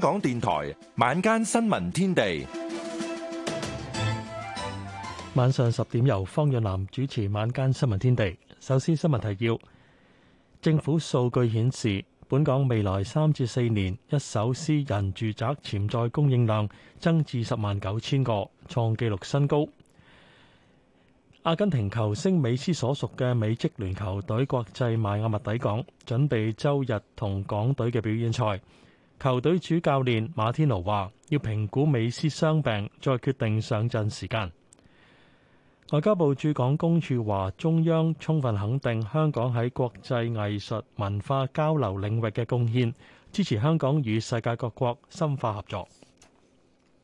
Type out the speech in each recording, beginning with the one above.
港電台晚間新聞天地，晚上十點由方潤南主持晚間新聞天地。首先新聞提要：政府數據顯示，本港未來三至四年一手私人住宅潛在供應量增至十萬九千個，創紀錄新高。阿根廷球星美斯所屬嘅美職聯球隊國際邁阿密抵港，準備周日同港隊嘅表演賽。球隊主教練馬天奴話，要評估美斯傷病，再決定上陣時間。外交部駐港公署話，中央充分肯定香港喺國際藝術文化交流領域嘅貢獻，支持香港與世界各國深化合作。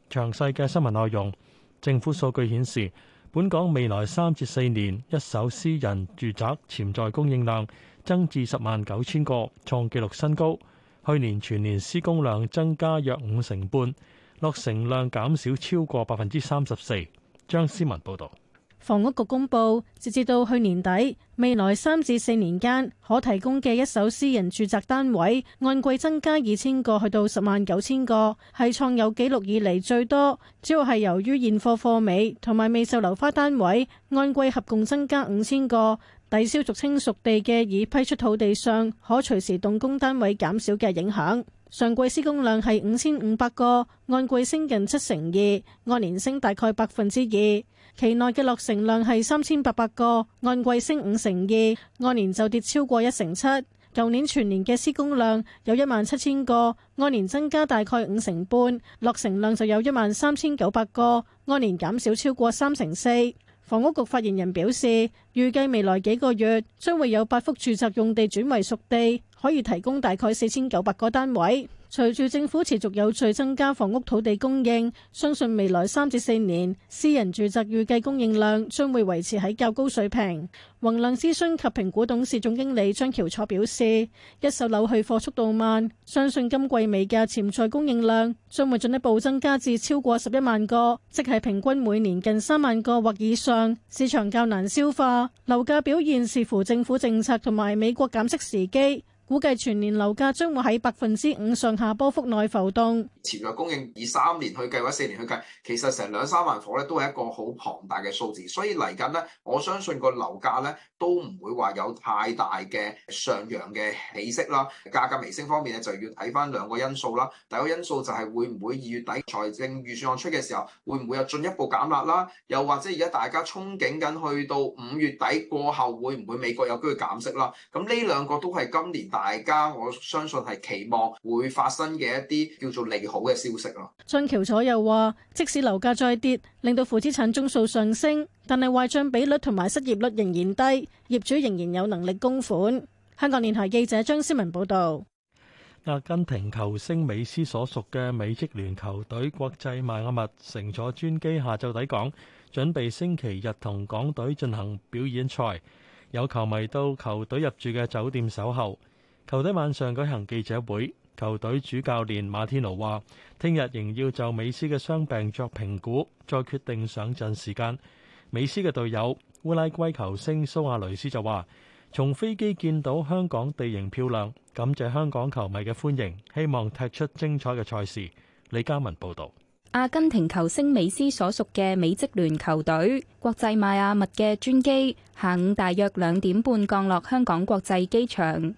詳細嘅新聞內容。政府數據顯示，本港未來三至四年一手私人住宅潛在供應量增至十萬九千個，創紀錄新高。去年全年施工量增加約五成半，落成量減少超過百分之三十四。張思文報道。房屋局公布，截至到去年底，未來三至四年間可提供嘅一手私人住宅單位按季增加二千個，去到十萬九千個，係創有紀錄以嚟最多。主要係由於現貨貨尾同埋未售樓花單位按季合共增加五千個。抵消逐清熟地嘅已批出土地上可隨時動工單位減少嘅影響，上季施工量係五千五百個，按季升近七成二，按年升大概百分之二。期內嘅落成量係三千八百個，按季升五成二，按年就跌超過一成七。舊年全年嘅施工量有一萬七千個，按年增加大概五成半，落成量就有一萬三千九百個，按年減少超過三成四。房屋局發言人表示，預計未來幾個月將會有八幅住宅用地轉為熟地，可以提供大概四千九百個單位。隨住政府持續有序增加房屋土地供應，相信未來三至四年私人住宅預計供應量將會維持喺較高水平。宏能諮詢及評估董事總經理張喬楚表示：一手樓去貨速度慢，相信今季尾嘅潛在供應量將會進一步增加至超過十一萬個，即係平均每年近三萬個或以上。市場較難消化，樓價表現視乎政府政策同埋美國減息時機。估計全年樓價將會喺百分之五上下波幅內浮動。潛在供應以三年去計或者四年去計，其實成兩三萬伙咧都係一個好龐大嘅數字，所以嚟緊咧，我相信個樓價咧都唔會話有太大嘅上揚嘅起色啦。價格微升方面咧，就要睇返兩個因素啦。第一個因素就係會唔會二月底財政預算案出嘅時候，會唔會有進一步減壓啦？又或者而家大家憧憬緊去到五月底過後，會唔會美國有機會減息啦？咁呢兩個都係今年。大家我相信係期望會發生嘅一啲叫做利好嘅消息咯。俊橋左右話，即使樓價再跌，令到負資產宗數上升，但係壞賬比率同埋失業率仍然低，業主仍然有能力供款。香港電台記者張思文報道。阿根廷球星美斯所屬嘅美職聯球隊國際邁阿密乘坐專機下晝抵港，準備星期日同港隊進行表演賽，有球迷到球隊入住嘅酒店守候。球隊晚上舉行記者會，球隊主教練馬天奴話：聽日仍要就美斯嘅傷病作評估，再決定上陣時間。美斯嘅隊友烏拉圭球星蘇亞雷斯就話：從飛機見到香港地形漂亮，感謝香港球迷嘅歡迎，希望踢出精彩嘅賽事。李嘉文報道。阿根廷球星美斯所屬嘅美職聯球隊國際邁阿密嘅專機下午大約兩點半降落香港國際機場。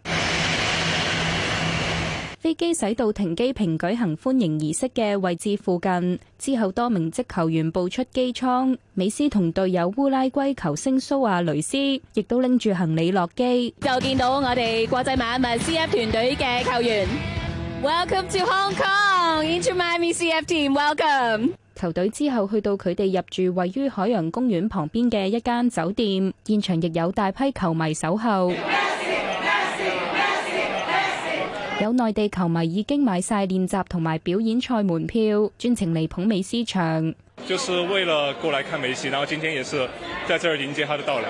飛機駛到停機坪舉行歡迎儀式嘅位置附近，之後多名職球員步出機艙，美斯同隊友烏拉圭球星蘇亞雷斯亦都拎住行李落機。就見到我哋國際邁阿密 CF 團隊嘅球員，Welcome to Hong Kong, into Miami CF team, welcome。球隊之後去到佢哋入住位於海洋公園旁邊嘅一間酒店，現場亦有大批球迷守候。有內地球迷已經買晒練習同埋表演賽門票，專程嚟捧美斯場。就是為了過來看梅西，然後今天也是在這兒迎接他的到來，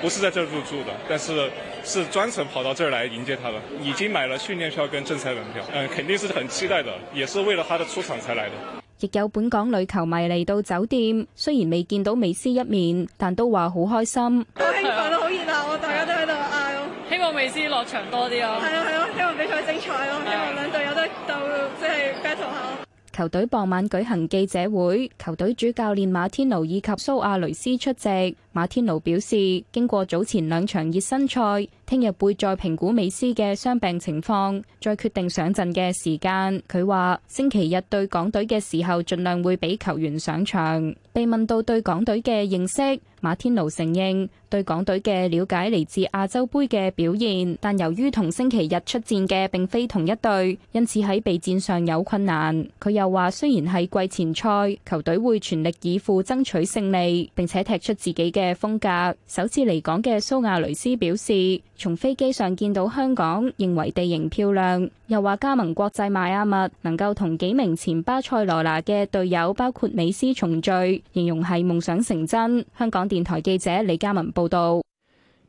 不是在這兒入住的，但是是專程跑到這兒來迎接他的。已經買了訓練票跟正賽門票，嗯，肯定是很期待的，也是為了他的出場才來的。亦有本港女球迷嚟到酒店，雖然未見到美斯一面，但都話好開心。好興奮，好熱鬧，我大家都喺度啊！ 希望美斯落場多啲咯。係啊係咯，希望比賽精彩咯，希望兩隊有得鬥，即係 battle 下。球隊傍晚舉行記者會，球隊主教練馬天奴以及蘇亞雷斯出席。馬天奴表示，經過早前兩場熱身賽，聽日會再評估美斯嘅傷病情況，再決定上陣嘅時間。佢話星期日對港隊嘅時候，盡量會俾球員上場。被問到對港隊嘅認識，馬天奴承認對港隊嘅了解嚟自亞洲盃嘅表現，但由於同星期日出戰嘅並非同一隊，因此喺備戰上有困難。佢又話，雖然係季前賽，球隊會全力以赴爭取勝利，並且踢出自己嘅。嘅風格，首次嚟港嘅蘇亞雷斯表示，從飛機上見到香港，認為地形漂亮。又話加盟國際邁阿密，能夠同幾名前巴塞羅那嘅隊友包括美斯重聚，形容係夢想成真。香港電台記者李嘉文報道。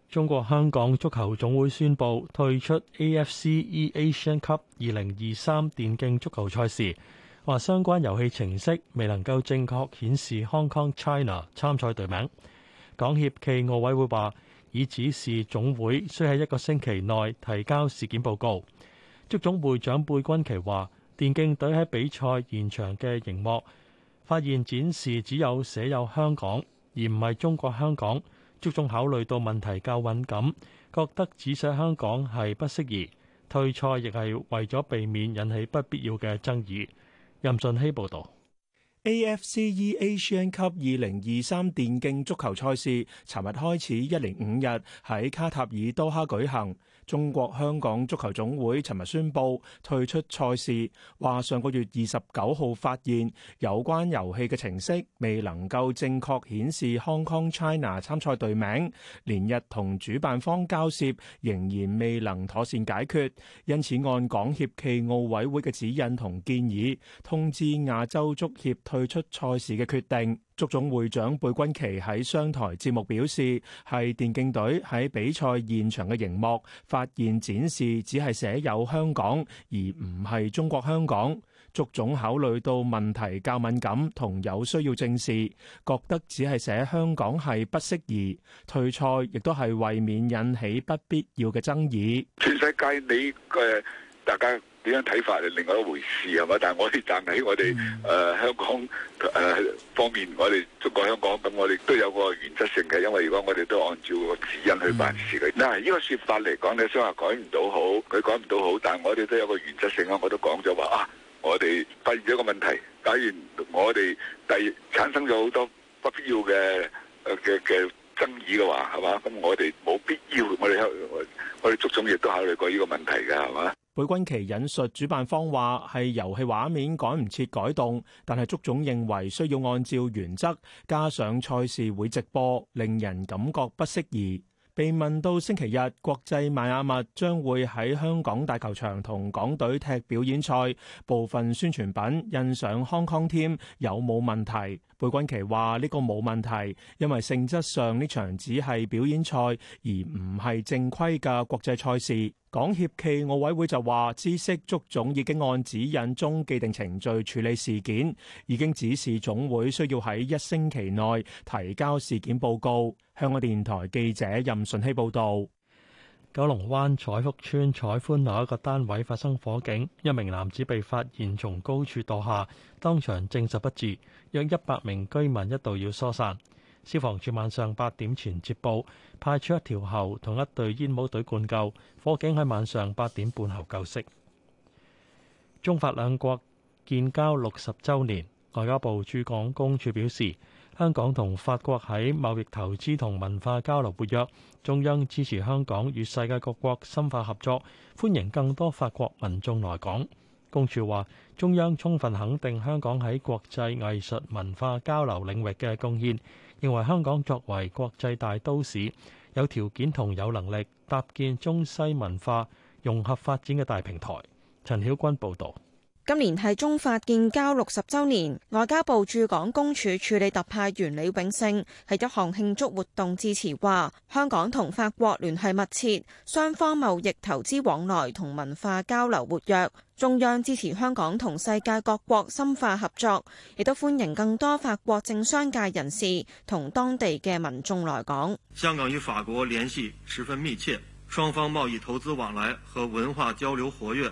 中國香港足球總會宣布退出 AFC E Asian Cup 二零二三電競足球賽事，話相關遊戲程式未能夠正確顯示 Hong Kong China 參賽隊名。港協暨奧委會話，已指示總會需喺一個星期內提交事件報告。足總會長貝君奇話，電競隊喺比賽現場嘅熒幕發現展示只有寫有香港，而唔係中國香港。足總考慮到問題較敏感，覺得只寫香港係不適宜，退賽亦係為咗避免引起不必要嘅爭議。任俊希報導。AFC eAsian Cup 二零二三電競足球賽事尋日開始，一連五日喺卡塔爾多哈舉行。中國香港足球總會尋日宣布退出賽事，話上個月二十九號發現有關遊戲嘅程式未能夠正確顯示 Hong Kong China 參賽隊名，連日同主辦方交涉仍然未能妥善解決，因此按港協暨奧委會嘅指引同建議，通知亞洲足協退出賽事嘅決定。足總會長貝君奇喺商台節目表示，係電競隊喺比賽現場嘅熒幕發現展示只係寫有香港，而唔係中國香港。足總考慮到問題較敏感同有需要正視，覺得只係寫香港係不適宜，退賽亦都係為免引起不必要嘅爭議。全世界你嘅大家。點樣睇法係另外一回事，係嘛？但係我哋站喺我哋誒、mm hmm. 呃、香港誒、呃、方面，我哋中國香港咁，我哋都有個原則性嘅，因為如果我哋都按照個指引去辦事嘅。嗱、mm，呢、hmm. 個說法嚟講，你雖然改唔到好，佢改唔到好，但係我哋都有個原則性說說啊。我都講咗話啊，我哋發現咗一個問題，假如我哋第產生咗好多不必要嘅誒嘅嘅爭議嘅話，係嘛，咁我哋冇必要，我哋我我哋足總亦都考慮過呢個問題嘅，係嘛。海軍旗引述，主辦方話係遊戲畫面趕唔切改動，但係足總認為需要按照原則，加上賽事會直播，令人感覺不適宜。被問到星期日國際邁阿密將會喺香港大球場同港隊踢表演賽，部分宣傳品印上康康添有冇問題？貝君奇話：呢個冇問題，因為性質上呢場只係表演賽，而唔係正規嘅國際賽事。港協暨奧委會就話，知識足總已經按指引中既定程序處理事件，已經指示總會需要喺一星期內提交事件報告。香港電台記者任順熙報道。九龍灣彩福邨彩寬樓一個單位發生火警，一名男子被發現從高處墮下，當場證實不治，約一百名居民一度要疏散。消防處晚上八點前接報，派出一條喉同一隊煙帽隊灌救，火警喺晚上八點半後救熄。中法兩國建交六十周年，外交部駐港公署表示，香港同法國喺貿易、投資同文化交流活躍，中央支持香港與世界各國深化合作，歡迎更多法國民眾來港。公署話，中央充分肯定香港喺國際藝術文化交流領域嘅貢獻，認為香港作為國際大都市，有條件同有能力搭建中西文化融合發展嘅大平台。陳曉君報導。今年係中法建交六十周年，外交部駐港公署助理特派員李永勝喺一項慶祝活動致辭話：香港同法國聯繫密切，雙方貿易投資往來同文化交流活躍。中央支持香港同世界各國深化合作，亦都歡迎更多法國政商界人士同當地嘅民眾來港。香港與法國聯繫十分密切，雙方貿易投資往來和文化交流活躍。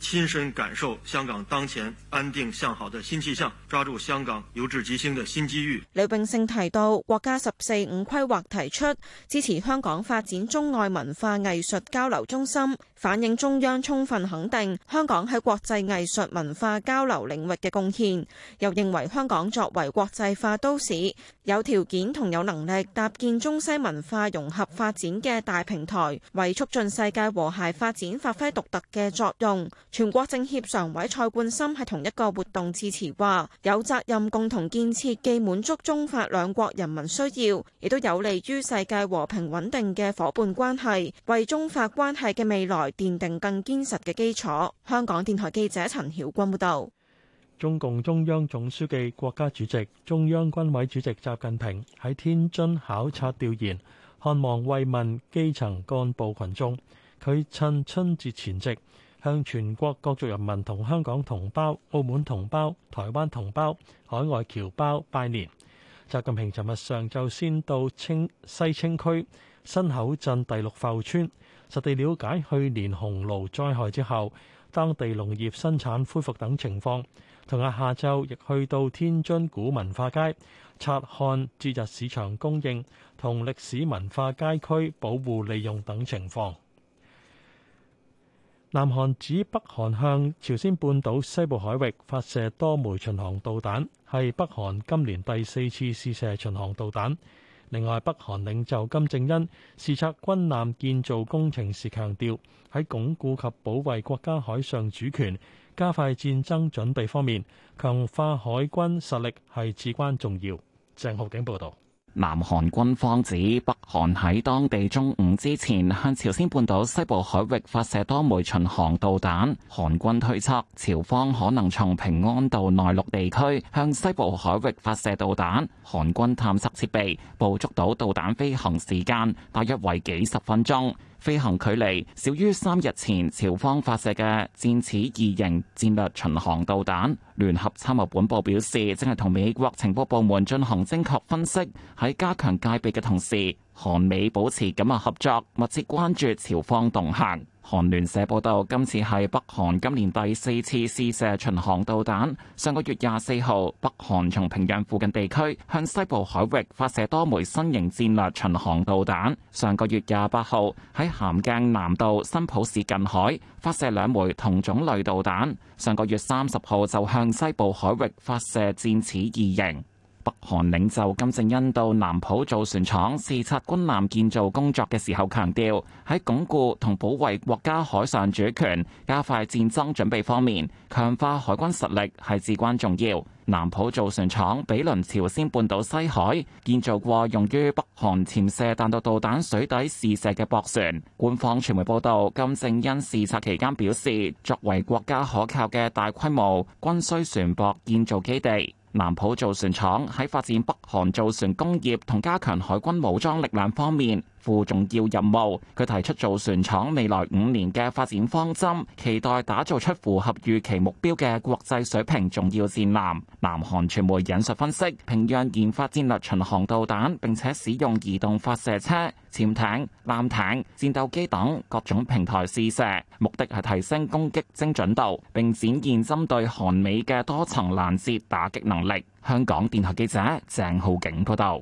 親身感受香港當前安定向好的新氣象，抓住香港由治及興的新機遇。李炳勝提到，國家十四五規劃提出支持香港發展中外文化藝術交流中心。反映中央充分肯定香港喺國際藝術文化交流領域嘅貢獻，又認為香港作為國際化都市，有條件同有能力搭建中西文化融合發展嘅大平台，為促進世界和諧發展發揮獨特嘅作用。全國政協常委蔡冠森喺同一個活動致辭話，有責任共同建設既滿足中法兩國人民需要，亦都有利於世界和平穩定嘅夥伴關係，為中法關係嘅未來，奠定更堅實嘅基礎。香港電台記者陳曉君報道，中共中央總書記、國家主席、中央軍委主席習近平喺天津考察調研，看望慰問基層幹部群眾，佢趁春節前夕，向全國各族人民同香港同胞、澳門同胞、台灣同胞、海外僑胞拜年。習近平尋日上晝先到清西青區新口鎮第六埠村。實地了解去年洪澇災害之後，當地農業生產恢復等情況，同日下晝亦去到天津古文化街，察看節日市場供應同歷史文化街區保護利用等情況。南韓指北韓向朝鮮半島西部海域發射多枚巡航導彈，係北韓今年第四次試射巡航導彈。另外，北韓領袖金正恩視察軍艦建造工程時強調，喺鞏固及保衛國家海上主權，加快戰爭準備方面，強化海軍實力係至關重要。鄭浩景報道。南韓軍方指北韓喺當地中午之前向朝鮮半島西部海域發射多枚巡航導彈，韓軍推測朝方可能從平安道內陸地區向西部海域發射導彈，韓軍探測設備捕捉到導彈飛行時間大約為幾十分鐘。飛行距離少於三日前朝方發射嘅戰始二型戰略巡航導彈。聯合參謀本部表示，正係同美國情報部門進行精確分析，喺加強戒備嘅同時，韓美保持緊密合作，密切關注朝方動向。韓聯社報導，今次係北韓今年第四次試射巡航導彈。上個月廿四號，北韓從平壤附近地區向西部海域發射多枚新型戰略巡航導彈。上個月廿八號，喺咸鏡南道新浦市近海發射兩枚同種類導彈。上個月三十號，就向西部海域發射箭矢二型。北韓領袖金正恩到南浦造船廠視察軍艦建造工作嘅時候，強調喺鞏固同保衛國家海上主權、加快戰爭準備方面，強化海軍實力係至關重要。南浦造船廠毗鄰朝鮮半島西海，建造過用於北韓潛射彈道導彈水底試射嘅駁船。官方傳媒報道，金正恩視察期間表示，作為國家可靠嘅大規模軍需船舶建造基地。南浦造船廠喺發展北韓造船工業同加強海軍武裝力量方面，副重要任務，佢提出造船廠未來五年嘅發展方針，期待打造出符合預期目標嘅國際水平重要戰艦。南韓傳媒引述分析，平壤研發戰略巡航導彈，並且使用移動發射車、潛艇、艦艇、戰鬥機等各種平台試射，目的係提升攻擊精準度，並展現針對韓美嘅多層攔截打擊能力。香港電台記者鄭浩景報道。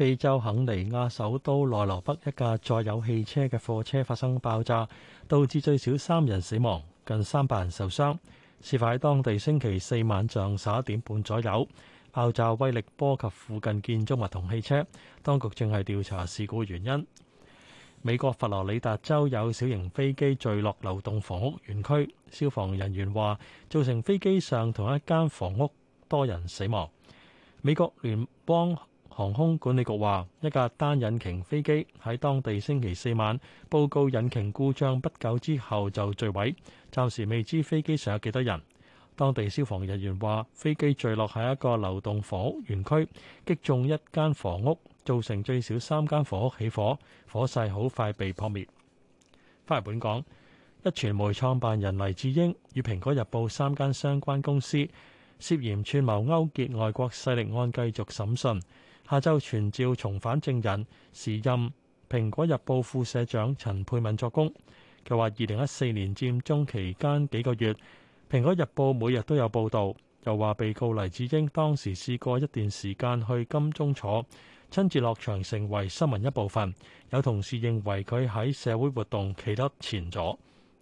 非洲肯尼亞首都內羅畢一架載有汽車嘅貨車發生爆炸，導致最少三人死亡，近三百人受傷。事發喺當地星期四晚上十一點半左右，爆炸威力波及附近建築物同汽車。當局正係調查事故原因。美國佛羅里達州有小型飛機墜落流動房屋園區，消防人員話造成飛機上同一間房屋多人死亡。美國聯邦航空管理局話一架單引擎飛機喺當地星期四晚報告引擎故障不久之後就墜毀，暫時未知飛機上有幾多人。當地消防人員話飛機墜落喺一個流動房屋園區，擊中一間房屋，造成最少三間房屋起火，火勢好快被撲滅。翻嚟本港，一傳媒創辦人黎智英與蘋果日報三間相關公司涉嫌串謀勾結外國勢力案繼續審訊。下週傳召重返證人，時任《蘋果日報》副社長陳佩敏作供。佢話：二零一四年佔中期間幾個月，《蘋果日報》每日都有報導。又話被告黎智英當時試過一段時間去金鐘坐，親自落場成為新聞一部分。有同事認為佢喺社會活動企得前咗。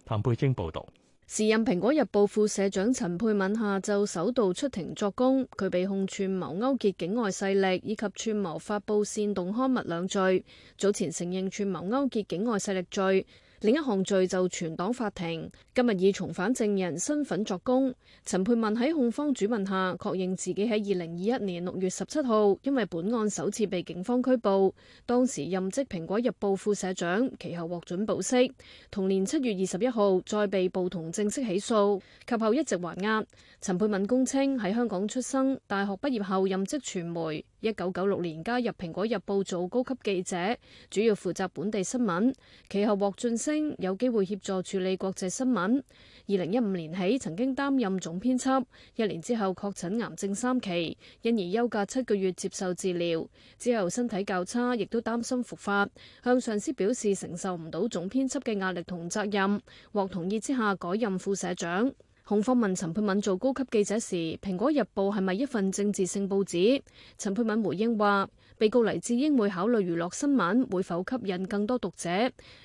譚佩晶報導。時任蘋果日報副社長陳佩敏下晝首度出庭作供，佢被控串謀勾結境外勢力，以及串謀發布煽動刊物兩罪。早前承認串謀勾結境外勢力罪。另一項罪就全黨法庭今日以重返證人身份作供，陳佩文喺控方主問下確認自己喺二零二一年六月十七號，因為本案首次被警方拘捕，當時任職蘋果日報副社長，其後獲准保釋。同年七月二十一號再被捕同正式起訴，及後一直還押。陳佩文供稱喺香港出生，大學畢業後任職傳媒。一九九六年加入《蘋果日報》做高級記者，主要負責本地新聞。其後獲晉升，有機會協助處理國際新聞。二零一五年起，曾經擔任總編輯。一年之後確診癌症三期，因而休假七個月接受治療。之後身體較差，亦都擔心復發，向上司表示承受唔到總編輯嘅壓力同責任，獲同意之下改任副社長。控方問陳佩敏做高級記者時，《蘋果日報》係咪一份政治性報紙？陳佩敏回應話：被告黎智英會考慮娛樂新聞會否吸引更多讀者，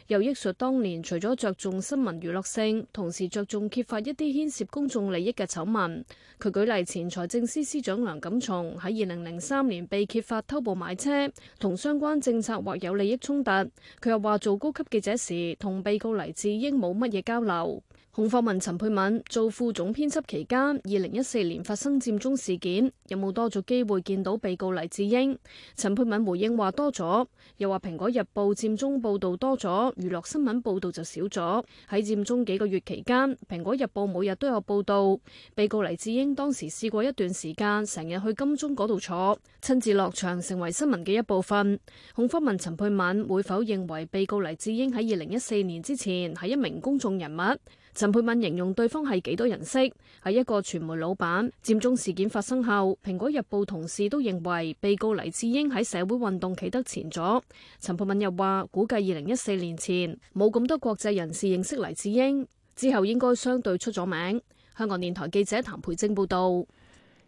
又憶述當年除咗着重新聞娛樂性，同時着重揭發一啲牽涉公眾利益嘅醜聞。佢舉例前財政司司長梁錦松喺二零零三年被揭發偷步買車同相關政策或有利益衝突。佢又話做高級記者時同被告黎智英冇乜嘢交流。控方問陳佩敏：做副總編輯期間，二零一四年發生佔中事件，有冇多咗機會見到被告黎智英？陳佩敏回應話多咗，又話《蘋果日報》佔中報道多咗，娛樂新聞報道就少咗。喺佔中幾個月期間，《蘋果日報》每日都有報道，被告黎智英當時試過一段時間，成日去金鐘嗰度坐，親自落場成為新聞嘅一部分。控方問陳佩敏會否認為被告黎智英喺二零一四年之前係一名公眾人物？陳佩敏形容對方係幾多人識，係一個傳媒老闆。占中事件發生後，《蘋果日報》同事都認為被告黎智英喺社會運動企得前咗。陳佩敏又話，估計二零一四年前冇咁多國際人士認識黎智英，之後應該相對出咗名。香港電台記者譚佩晶報道。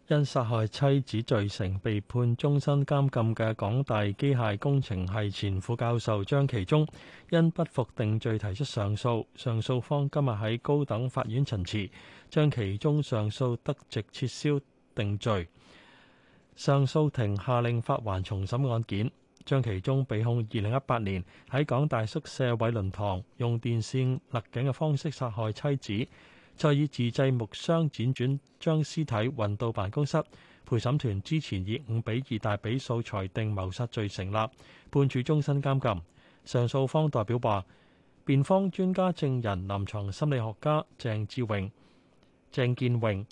因殺害妻子罪成，被判終身監禁嘅港大機械工程系前副教授張其中，因不服定罪提出上訴。上訴方今日喺高等法院陳詞，張其中上訴得直，撤銷定罪。上訴庭下令發還重審案件。張其中被控二零一八年喺港大宿舍偉倫堂用電線勒頸嘅方式殺害妻子。再以自製木箱輾轉將屍體運到辦公室。陪審團之前以五比二大比數裁定謀殺罪成立，判處終身監禁。上訴方代表話，辯方專家證人臨床心理學家鄭志榮、鄭建榮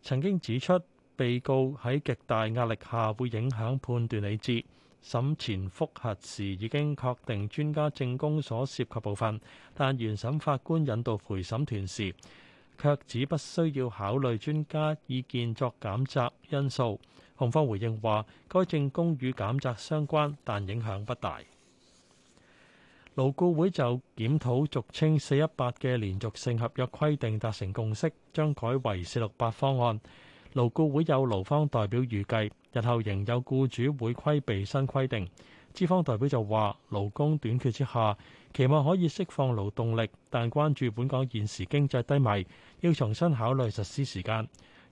曾經指出，被告喺極大壓力下會影響判斷理智。審前覆核時已經確定專家證供所涉及部分，但原審法官引導陪審團時，卻只不需要考慮專家意見作減責因素。控方回應話，該政工與減責相關，但影響不大。勞顧會就檢討俗稱四一八嘅連續性合約規定達成共識，將改為四六八方案。勞顧會有勞方代表預計，日後仍有僱主會規避新規定。資方代表就話：勞工短缺之下，期望可以釋放勞動力，但關注本港現時經濟低迷，要重新考慮實施時間。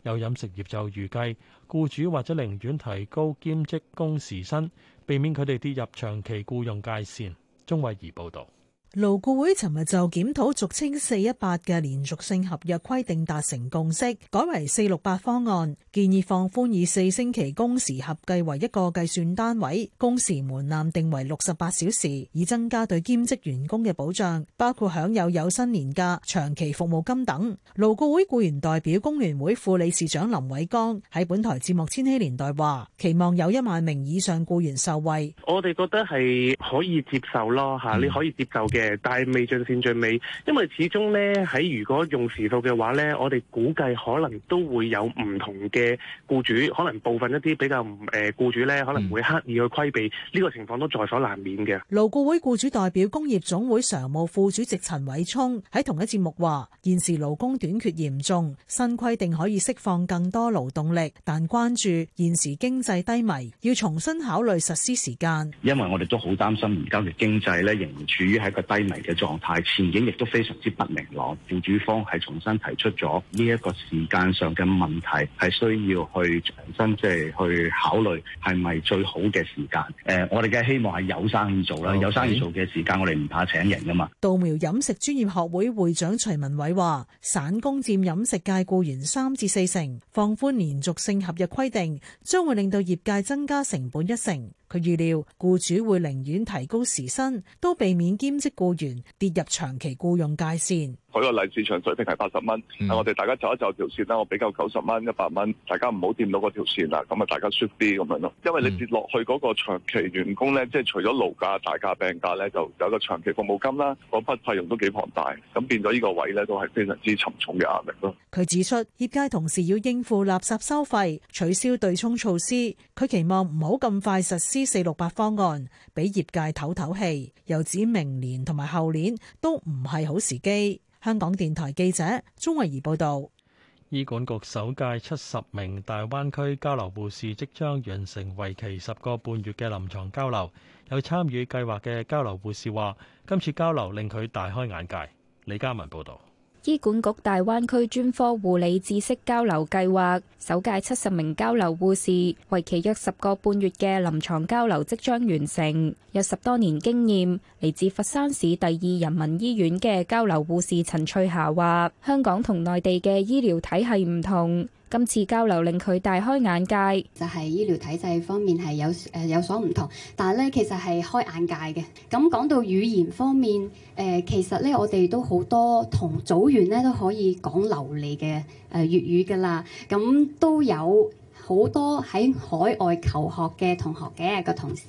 有飲食業就預計，僱主或者寧願提高兼職工時薪，避免佢哋跌入長期僱用界線。鍾慧儀報導。勞顧會尋日就檢討俗稱四一八嘅連續性合約規定達成共識，改為四六八方案，建議放寬以四星期工時合計為一個計算單位，工時門檻定為六十八小時，以增加對兼職員工嘅保障，包括享有有薪年假、長期服務金等。勞顧會雇員代表工聯會副理事長林偉剛喺本台節目《千禧年代》話：期望有一萬名以上雇員受惠。我哋覺得係可以接受咯，吓你可以接受嘅。誒，但係未盡善盡美，因為始終咧喺如果用時數嘅話咧，我哋估計可能都會有唔同嘅僱主，可能部分一啲比較誒僱、呃、主咧，可能會刻意去規避呢、這個情況都在所難免嘅。勞僱會僱主代表工業總會常務副主席陳偉聰喺同一節目話，現時勞工短缺嚴重，新規定可以釋放更多勞動力，但關注現時經濟低迷，要重新考慮實施時間。因為我哋都好擔心，而家嘅經濟咧仍然處於喺一個低迷嘅狀態，前景亦都非常之不明朗。僱主方係重新提出咗呢一個時間上嘅問題，係需要去重新即係去考慮係咪最好嘅時間。誒，我哋嘅希望係有生意做啦，有生意做嘅時間，我哋唔怕請人噶嘛。稻苗飲食專業學會會長徐文偉話，散工佔飲食界僱員三至四成，放寬連續性合約規定，將會令到業界增加成本一成。佢預料，僱主會寧願提高時薪，都避免兼職僱員跌入長期僱用界線。舉個例，市場水平係八十蚊，我哋大家走一走條線啦。我比較九十蚊、一百蚊，大家唔好掂到嗰條線啦。咁啊，大家 short 啲咁樣咯。因為你跌落去嗰個長期員工咧，即係除咗勞假、大假、病假咧，就有個長期服務金啦，嗰筆費用都幾龐大，咁變咗呢個位咧都係非常之沉重嘅壓力咯。佢指出，業界同時要應付垃圾收費、取消對沖措施，佢期望唔好咁快實施四六八方案，俾業界唞唞氣。又指明年同埋後年都唔係好時機。香港電台記者鍾慧怡報道。醫管局首屆七十名大灣區交流護士即將完成為期十個半月嘅臨床交流。有參與計劃嘅交流護士話，今次交流令佢大開眼界。李嘉文報道。醫管局大灣區專科護理知識交流計劃首屆七十名交流護士為期約十個半月嘅臨床交流即將完成。有十多年經驗嚟自佛山市第二人民醫院嘅交流護士陳翠霞話：香港同內地嘅醫療體係唔同。今次交流令佢大開眼界，就係醫療體制方面係有誒有所唔同，但係咧其實係開眼界嘅。咁講到語言方面，誒、呃、其實咧我哋都好多同組員咧都可以講流利嘅誒粵語㗎啦，咁都有，好多喺海外求學嘅同學嘅個同事，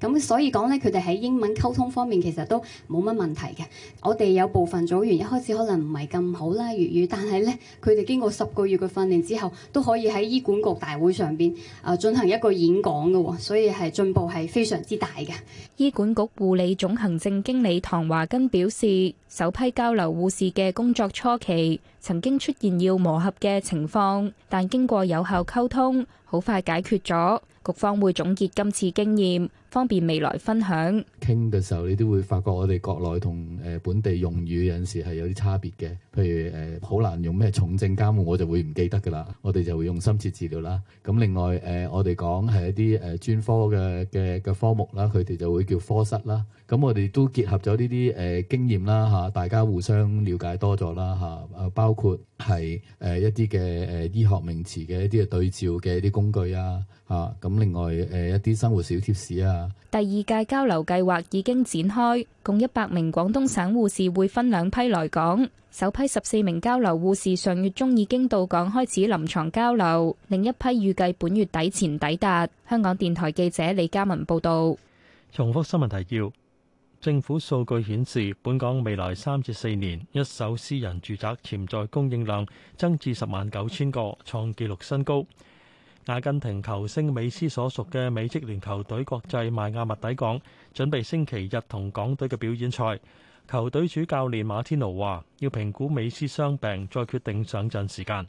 咁所以講呢，佢哋喺英文溝通方面其實都冇乜問題嘅。我哋有部分組員一開始可能唔係咁好啦，粵語，但係呢，佢哋經過十個月嘅訓練之後，都可以喺醫管局大會上面啊進行一個演講嘅喎，所以係進步係非常之大嘅。醫管局護理總行政經理唐華根表示，首批交流護士嘅工作初期，曾經出現要磨合嘅情況，但經過有效溝通，好快解決咗。局方會總結今次經驗。方便未來分享傾嘅時候，你都會發覺我哋國內同誒本地用語有陣時係有啲差別嘅。譬如誒，好、呃、難用咩重症監護，我就會唔記得㗎啦。我哋就會用深切治療啦。咁另外誒、呃，我哋講係一啲誒專科嘅嘅嘅科目啦，佢哋就會叫科室啦。咁我哋都結合咗呢啲誒經驗啦嚇，大家互相瞭解多咗啦嚇。誒，包括係誒一啲嘅誒醫學名詞嘅一啲對照嘅一啲工具啊嚇。咁另外誒一啲生活小貼士啊。第二屆交流計劃已經展開，共一百名廣東省護士會分兩批來港。首批十四名交流護士上月中已經到港，開始臨牀交流。另一批預計本月底前抵達。香港電台記者李嘉文報道。重複新聞提要。政府數據顯示，本港未來三至四年一手私人住宅潛在供應量增至十萬九千個，創紀錄新高。阿根廷球星美斯所屬嘅美職聯球隊國際邁亞密抵港，準備星期日同港隊嘅表演賽，球隊主教練馬天奴話要評估美斯傷病，再決定上陣時間。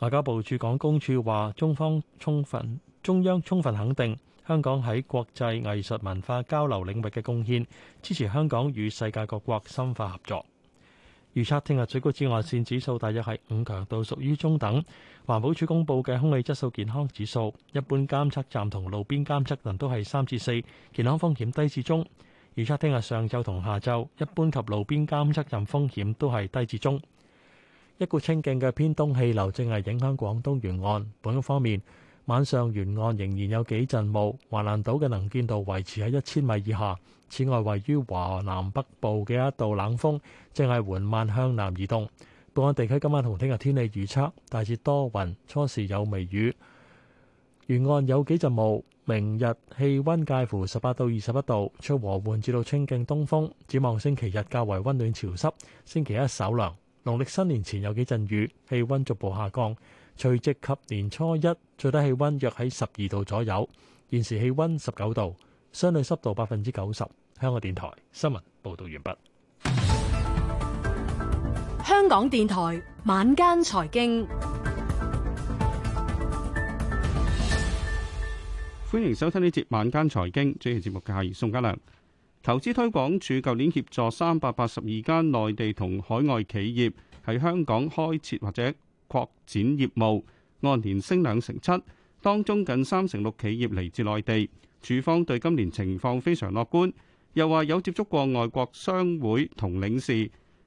外交部駐港公署話中方充分中央充分肯定，香港喺國際藝術文化交流領域嘅貢獻，支持香港與世界各國深化合作。預測聽日最高紫外線指數大約係五強度，屬於中等。環保署公布嘅空氣質素健康指數，一般監測站同路邊監測站都係三至四，健康風險低至中。預測聽日上晝同下晝，一般及路邊監測站風險都係低至中。一股清勁嘅偏東氣流正係影響廣東沿岸。本港方面。晚上沿岸仍然有幾陣霧，華南島嘅能見度維持喺一千米以下。此外，位於華南北部嘅一道冷風正係緩慢向南移動，本港地區今晚同聽日天氣預測，大致多雲，初時有微雨。沿岸有幾陣霧，明日氣溫介乎十八到二十一度，吹和緩至到清勁東風。展望星期日較為溫暖潮濕，星期一稍涼，農曆新年前有幾陣雨，氣溫逐步下降。除夕及年初一最低氣温約喺十二度左右，現時氣温十九度，相對濕度百分之九十。香港電台新聞報道完畢。香港電台晚間財經，歡迎收聽呢節晚間財經。主持節目嘅係宋家良。投資推廣署舊年協助三百八十二間內地同海外企業喺香港開設或者。擴展業務，按年升兩成七，當中近三成六企業嚟自內地。處方對今年情況非常樂觀，又話有接觸過外國商會同領事，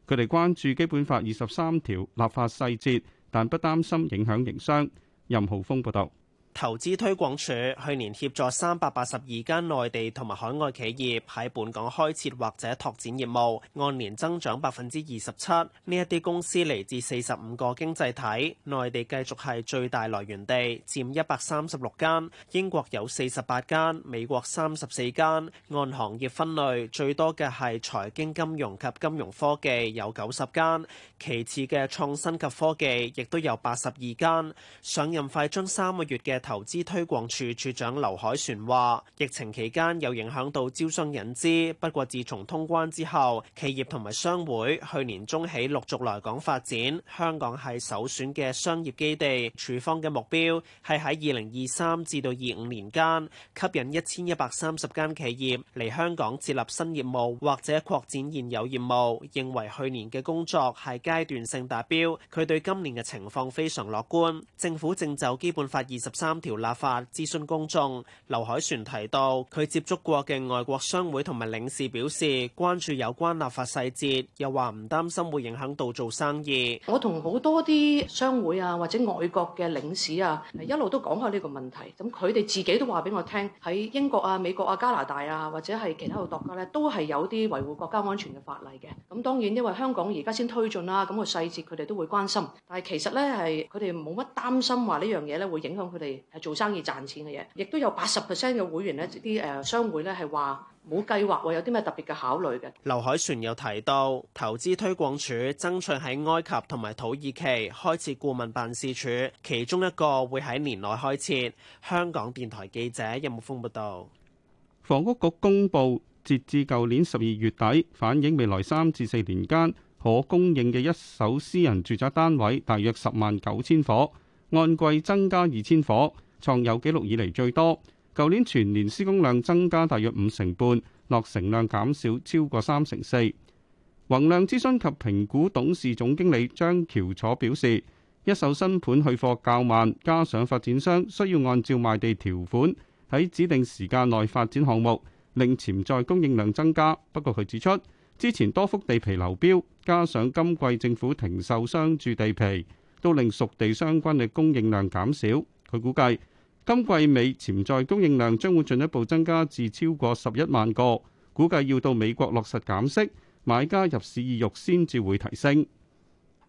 佢哋關注基本法二十三條立法細節，但不擔心影響營商。任浩峰報道。投資推廣署去年協助三百八十二間內地同埋海外企業喺本港開設或者拓展業務，按年增長百分之二十七。呢一啲公司嚟自四十五個經濟體，內地繼續係最大來源地，佔一百三十六間。英國有四十八間，美國三十四間。按行業分類，最多嘅係財經金融及金融科技，有九十間；其次嘅創新及科技，亦都有八十二間。上任快將三個月嘅投資推廣處處長劉凱旋話：疫情期間有影響到招商引資，不過自從通關之後，企業同埋商會去年中起陸續來港發展，香港係首選嘅商業基地。署方嘅目標係喺二零二三至到二五年間，吸引一千一百三十間企業嚟香港設立新業務或者擴展現有業務。認為去年嘅工作係階段性達標，佢對今年嘅情況非常樂觀。政府正就《基本法》二十三。三條立法諮詢公眾，劉海旋提到佢接觸過嘅外國商會同埋領事表示關注有關立法細節，又話唔擔心會影響到做生意。我同好多啲商會啊，或者外國嘅領事啊，一路都講開呢個問題。咁佢哋自己都話俾我聽，喺英國啊、美國啊、加拿大啊，或者係其他嘅國家咧，都係有啲維護國家安全嘅法例嘅。咁當然，因為香港而家先推進啦，咁個細節佢哋都會關心。但係其實咧，係佢哋冇乜擔心話呢樣嘢咧會影響佢哋。係做生意賺錢嘅嘢，亦都有八十 percent 嘅會員呢啲誒，商會咧係話冇計劃喎，有啲咩特別嘅考慮嘅。劉凱旋又提到，投資推廣署爭取喺埃及同埋土耳其開設顧問辦事處，其中一個會喺年內開設。香港電台記者任木峯報道，房屋局公布，截至舊年十二月底，反映未來三至四年間可供應嘅一手私人住宅單位大約十萬九千伙。按季增加二千伙，創有紀錄以嚟最多。舊年全年施工量增加大約五成半，落成量減少超過三成四。宏亮諮詢及評估董事總經理張喬楚表示，一手新盤去貨較慢，加上發展商需要按照賣地條款喺指定時間內發展項目，令潛在供應量增加。不過佢指出，之前多幅地皮流標，加上今季政府停售商住地皮。都令熟地相關嘅供應量減少。佢估計今季尾潛在供應量將會進一步增加至超過十一萬個。估計要到美國落實減息，買家入市意欲先至會提升。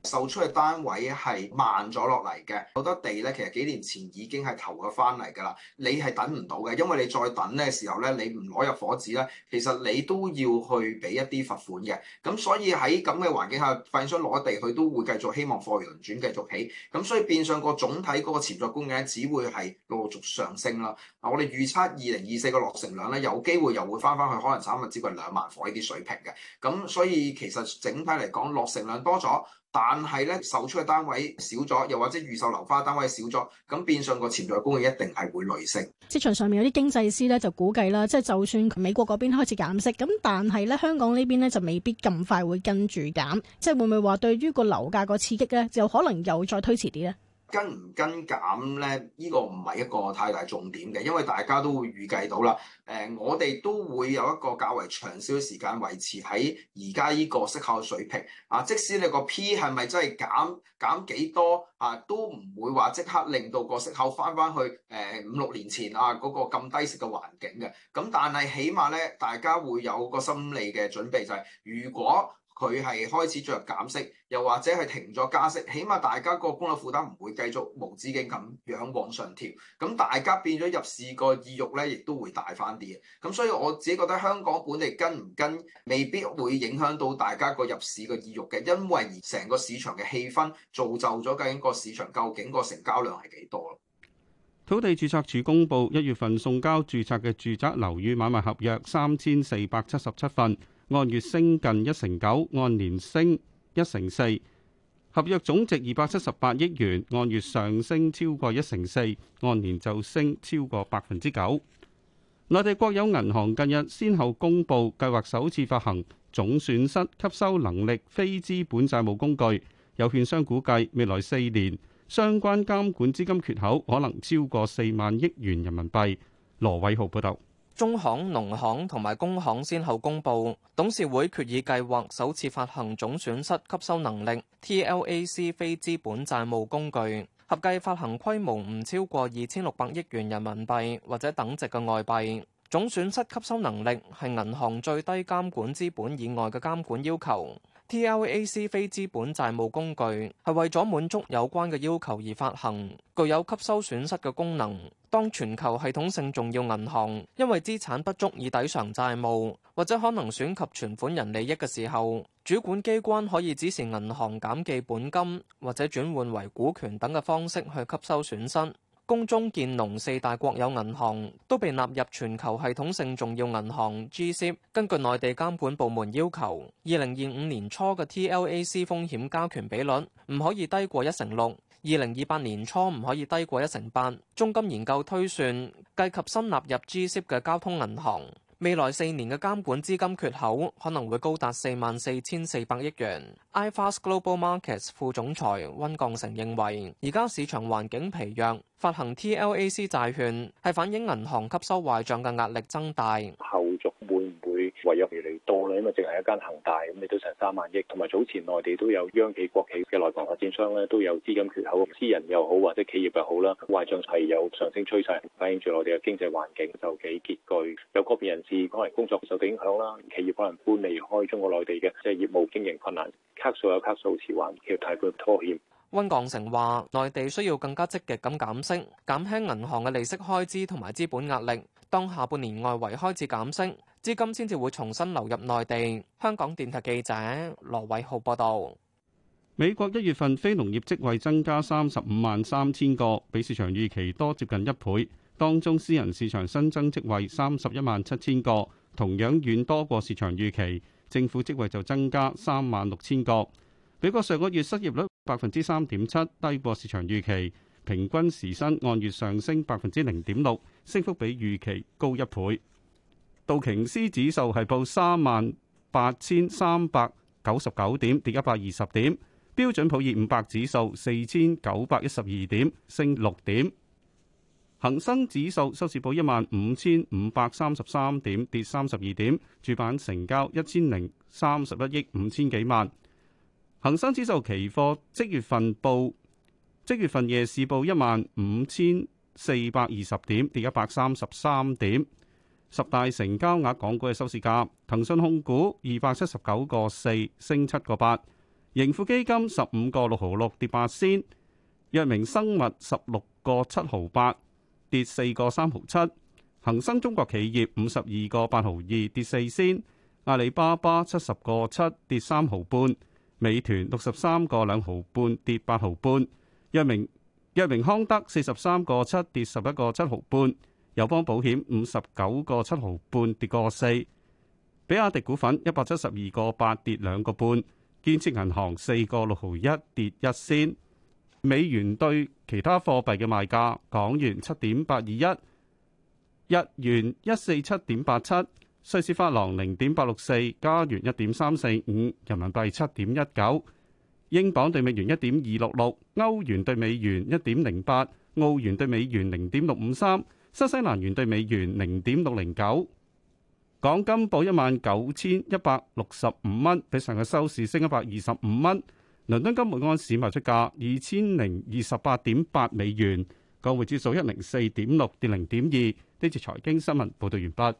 售出嘅單位係慢咗落嚟嘅，好多地咧，其實幾年前已經係投咗翻嚟噶啦。你係等唔到嘅，因為你再等咧時候咧，你唔攞入伙紙咧，其實你都要去俾一啲罰款嘅。咁所以喺咁嘅環境下，發展商攞地佢都會繼續希望貨源輪轉，繼續起。咁所以變相個總體嗰個潛在供應只會係陸續上升啦。嗱，我哋預測二零二四個落成量咧，有機會又會翻翻去可能差唔多只係兩萬伙呢啲水平嘅。咁所以其實整體嚟講，落成量多咗。但係咧，售出嘅單位少咗，又或者預售樓花單位少咗，咁變相個潛在供應一定係會累積。市場上面有啲經濟師咧就估計啦，即係就算美國嗰邊開始減息，咁但係咧香港呢邊咧就未必咁快會跟住減，即係會唔會話對於個樓價個刺激咧，就可能又再推遲啲咧？跟唔跟減咧？呢個唔係一個太大重點嘅，因為大家都會預計到啦。誒，我哋都會有一個較為長少時間維持喺而家呢個息口水平啊。即使你個 P 係咪真係減減幾多啊，都唔會話即刻令到個息口返返去誒五六年前啊嗰個咁低息嘅環境嘅。咁但係起碼咧，大家會有個心理嘅準備就係，如果佢係開始著減息，又或者係停咗加息，起碼大家個供樓負擔唔會繼續無止境咁樣往上調，咁大家變咗入市個意欲咧，亦都會大返啲嘅。咁所以我自己覺得香港本地跟唔跟，未必會影響到大家個入市個意欲嘅，因為而成個市場嘅氣氛造就咗，究竟個市場究竟個成交量係幾多。土地註冊處公布一月份送交註冊嘅住宅樓宇買賣合約三千四百七十七份。按月升近一成九，按年升一成四，合約總值二百七十八億元，按月上升超過一成四，按年就升超過百分之九。內地國有銀行近日先後公布計劃首次發行總損失吸收能力非資本債務工具，有券商估計未來四年相關監管資金缺口可能超過四萬億元人民幣。羅偉豪報道。中行、農行同埋工行先後公佈董事會決議，計劃首次發行總損失吸收能力 （TLAC） 非資本債務工具，合計發行規模唔超過二千六百億元人民幣或者等值嘅外幣。總損失吸收能力係銀行最低監管資本以外嘅監管要求。TLAC 非資本債務工具係為咗滿足有關嘅要求而發行，具有吸收損失嘅功能。當全球系統性重要銀行因為資產不足以抵償債務，或者可能損及存款人利益嘅時候，主管機關可以指示銀行減記本金，或者轉換為股權等嘅方式去吸收損失。公中建農四大國有銀行都被納入全球系統性重要銀行 G-SIB 根據內地監管部門要求，二零二五年初嘅 T-LAC 風險加權比率唔可以低過一成六，二零二八年初唔可以低過一成八。中金研究推算，計及新納入 G-SIB 嘅交通銀行。未來四年嘅監管資金缺口可能會高達四萬四千四百億元。iFAST Global Markets 副總裁温鋼成認為，而家市場環境疲弱，發行 TLAC 債券係反映銀行吸收壞賬嘅壓力增大。違約越嚟越多啦，因為淨係一間恒大咁，你都成三萬億。同埋早前內地都有央企、國企嘅內房發展商咧，都有資金缺口，私人又好或者企業又好啦，壞帳係有上升趨勢，反映住內地嘅經濟環境就幾拮據。有個別人士可能工作受影響啦，企業可能搬離開中國內地嘅，即係業務經營困難，卡數有卡數持，遲還叫貸款拖欠。温港成話：內地需要更加積極咁減息，減輕銀行嘅利息開支同埋資本壓力。當下半年外圍開始減息，資金先至會重新流入內地。香港電台記者羅偉浩報道。美國一月份非農業職位增加三十五萬三千個，比市場預期多接近一倍。當中私人市場新增職位三十一萬七千個，同樣遠多過市場預期。政府職位就增加三萬六千個。美國上個月失業率百分之三點七，低過市場預期。平均時薪按月上升百分之零點六，升幅比預期高一倍。道瓊斯指數係報三萬八千三百九十九點，跌一百二十點。標準普爾五百指數四千九百一十二點，升六點。恒生指數收市報一萬五千五百三十三點，跌三十二點。主板成交一千零三十一億五千幾萬。恒生指數期貨即月份報，即月份夜市報一萬五千四百二十點，跌一百三十三點。十大成交額港股嘅收市價：騰訊控股二百七十九個四升七個八，盈富基金十五個六毫六跌八仙，藥明生物十六個七毫八跌四個三毫七，恒生中國企業五十二個八毫二跌四仙，阿里巴巴七十個七跌三毫半，美團六十三個兩毫半跌八毫半，藥明藥明康德四十三個七跌十一個七毫半。友邦保險五十九個七毫半跌個四，比亞迪股份一百七十二個八跌兩個半，建設銀行四個六毫一跌一仙。美元對其他貨幣嘅賣價：港元七點八二一，日元一四七點八七，瑞士法郎零點八六四，加元一點三四五，人民幣七點一九，英鎊對美元一點二六六，歐元對美元一點零八，澳元對美元零點六五三。新西蘭元兌美元零點六零九，港金報一萬九千一百六十五蚊，比上日收市升一百二十五蚊。倫敦金每盎司賣出價二千零二十八點八美元，港匯指數一零四點六跌零點二。呢次財經新聞報道完畢。